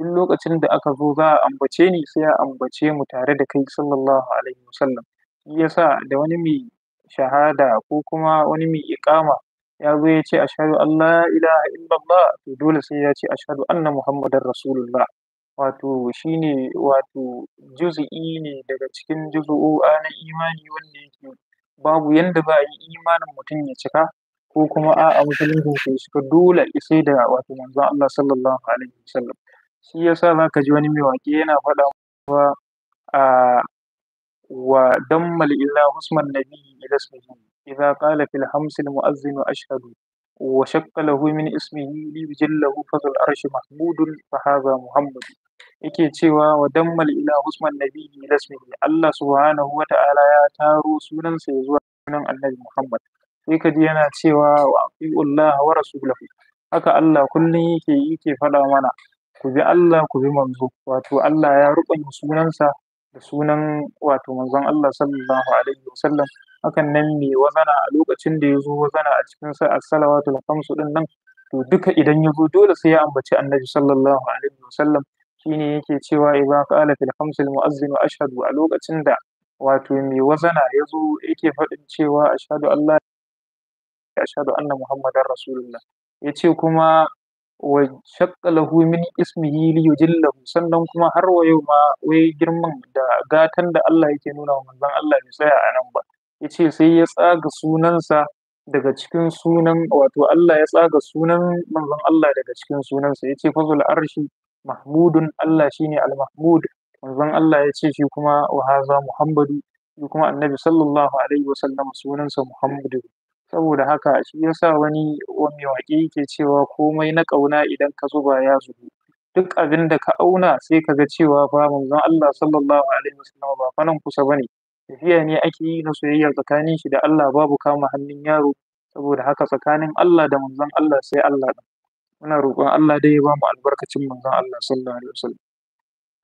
duk lokacin da aka zo za a ambace ni sai a ambace mu tare da kai sallallahu alaihi wasallam shi yasa da wani mai shahada ko kuma wani mai iqama ya zo ya ce ashhadu an la ilaha illallah to dole sai ya ce ashhadu anna muhammadar rasulullah wato shine wato juz'i ne daga cikin juz'u na imani wanda yake babu yanda za a yi imanin mutum ya cika ko kuma a'a musulunci sai suka dole sai da wato manzon Allah sallallahu alaihi wasallam shi yasa zaka ji wani waƙe yana faɗa cewa a wa dammal ila husman nabiyyi ila ismihi idza qala fil hamsil muazzin ashhadu wa shakka lahu min ismihi li yujallahu fazul arshi mahmudun fa hadha muhammad yake cewa wa dammal ila husman nabiyyi ila ismihi Allah subhanahu wa ta'ala ya taro sunansa ya zuwa sunan annabi Muhammad sai ka ji yana cewa wa atiullah wa rasulahu haka Allah kullum yake yake faɗa mana ku bi Allah ku bi manzo wato Allah ya ruɓanya sunansa da sunan wato manzon Allah sallallahu alaihi wasallam hakan nan ne wazana a lokacin da ya zo wazana a cikin sa as-salawatul khamsu din nan to duka idan ya zo dole sai ya ambaci annabi sallallahu alaihi wasallam shine yake cewa idza qala fil khamsil mu'azzin ashhadu a lokacin da wato mai wazana ya zo yake faɗin cewa ashhadu Allah ashhadu anna muhammadar rasulullah yace kuma wa shakka min ismihi li yujillahu sannan kuma har wa yau ma wai girman da gatan da Allah yake nuna wa manzon Allah bai tsaya a nan ba yace sai ya tsaga sunansa daga cikin sunan wato Allah ya tsaga sunan manzon Allah daga cikin sunansa yace fazul arshi mahmudun Allah shine al-mahmud manzon Allah yace shi kuma wa haza muhammadu shi kuma annabi sallallahu alaihi wasallam sunansa muhammadu Saboda haka shi yasa sa wani mai waƙe yake cewa komai na ƙauna idan ka zuba ya zubo. Duk abin da ka auna sai ka ga cewa fa manzon Allah sallallahu alaihi wasallam ba fa nan kusa ba ne. Tafiya ne ake yi na soyayya tsakanin shi da Allah babu kama hannun yaro. Saboda haka tsakanin Allah da manzon Allah sai Allah da. Muna roƙon Allah dai ya bamu albarkacin manzon Allah sallallahu alaihi wasallam.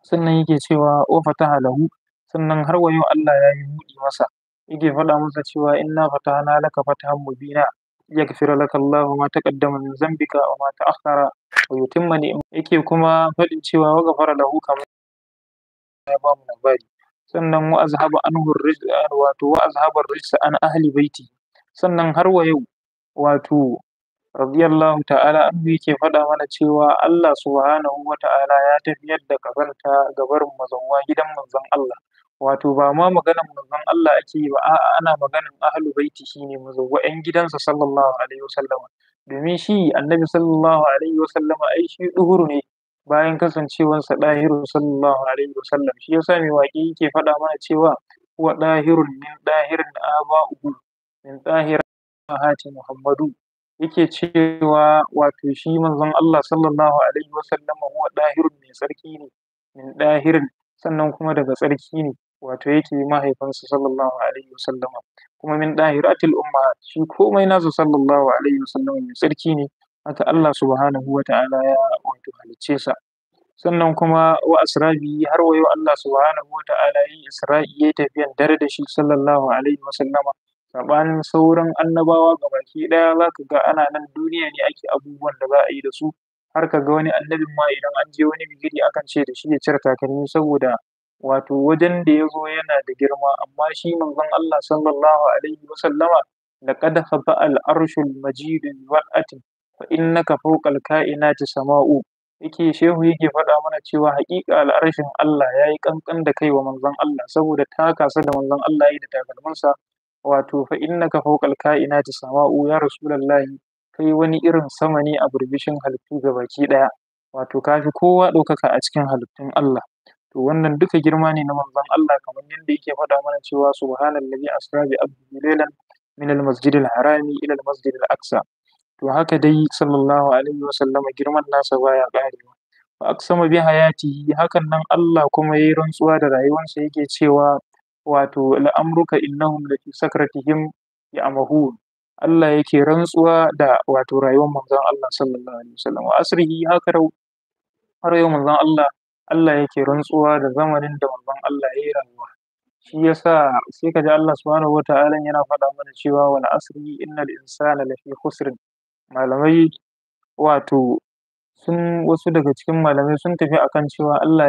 Sannan yake cewa wa fataha lahu sannan har wa Allah ya yi buɗi masa. yake faɗa masa cewa inna fatahna laka fatahan mubina yaghfir laka Allahu ma taqaddama min zambika wa ma ta'akhkhara wa yutimma yake kuma faɗin cewa wa ghafara lahu kamar ya ba mu labari sannan wa azhaba anhu rijsa wato wa azhaba rijsa an ahli baiti sannan har wa yau wato radiyallahu ta'ala an yake faɗa mana cewa Allah subhanahu wa ta'ala ya tafiyar da kazanta ga barin mazauwa gidan manzon Allah Wato ba ma maganan Manzon Allah ake yi ba, a'a ana maganan Ahlul shi ne mazau ƴan gidansa Sallallahu Alaihi Wasallama. Domin shi Annabi Sallallahu Alaihi Wasallama ai shi duhuru ne bayan kasancewansa dahiru Sallallahu Alaihi Wasallam. Shi yasa mai waki yake faɗa mana cewa huwa ɗahirun min ɗahirin aba'uhu min ɗahirin hati Muhammadu. Yake cewa wato shi Manzon Allah Sallallahu Alaihi sallam, huwa ɗahirun mai tsarki ne min ɗahirin sannan kuma daga tsarki ne wato yake mahaifinsa sallallahu alaihi wasallam kuma min dahiratil umma shi komai nasu sallallahu alaihi wasallam mai tsarki ne haka Allah subhanahu wa ta'ala ya wato halicce sa sannan kuma wa asrabi har wayo Allah subhanahu wa ta'ala yin isra'i ya tafiyan dare da shi sallallahu alaihi sallama. sabanin sauran annabawa gabaki daya zaka ga ana nan duniya ne ake abubuwan da za a yi da su har ka ga wani annabin ma idan an je wani bigiri akan ce da shi ya cire takalmi saboda wato wajen da ya zo yana da girma amma shi manzon Allah sallallahu alaihi wa sallama laqad khafa al-arshul majid wa'atin fa innaka fawqa al-kainati sama'u yake shehu yake faɗa mana cewa haƙiƙa al-arshin Allah yayi kankan da kai wa manzon Allah saboda takasa da manzon Allah yayi da takalmansa wato fa innaka fawqa al-kainati sama'u ya rasulullahi kai wani irin sama ne a burbishin halittu gabaki ɗaya wato kafi kowa ɗaukaka a cikin halittun Allah to wannan duka girma ne na manzon Allah kamar yadda yake faɗa mana cewa subhanallazi asra bi abdihi laylan min almasjidil harami ila almasjidil to haka dai sallallahu alaihi wa sallama girman nasa baya ƙarewa fa aqsama bi hayatihi hakan nan Allah kuma yayi rantsuwa da rayuwarsa yake cewa wato la'amruka innahum lafi sakratihim ya'mahun Allah yake rantsuwa da wato rayuwar manzon Allah sallallahu alaihi sallam. wa asrihi haka rau har yau manzon Allah Allah yake rantsuwa da zamanin da manzon Allah yi rayuwa shi yasa sai kaji Allah subhanahu wataala yana faɗa mana cewa wal asri innal insana lafi khusr malamai wato sun wasu daga cikin malamai sun tafi akan cewa Allah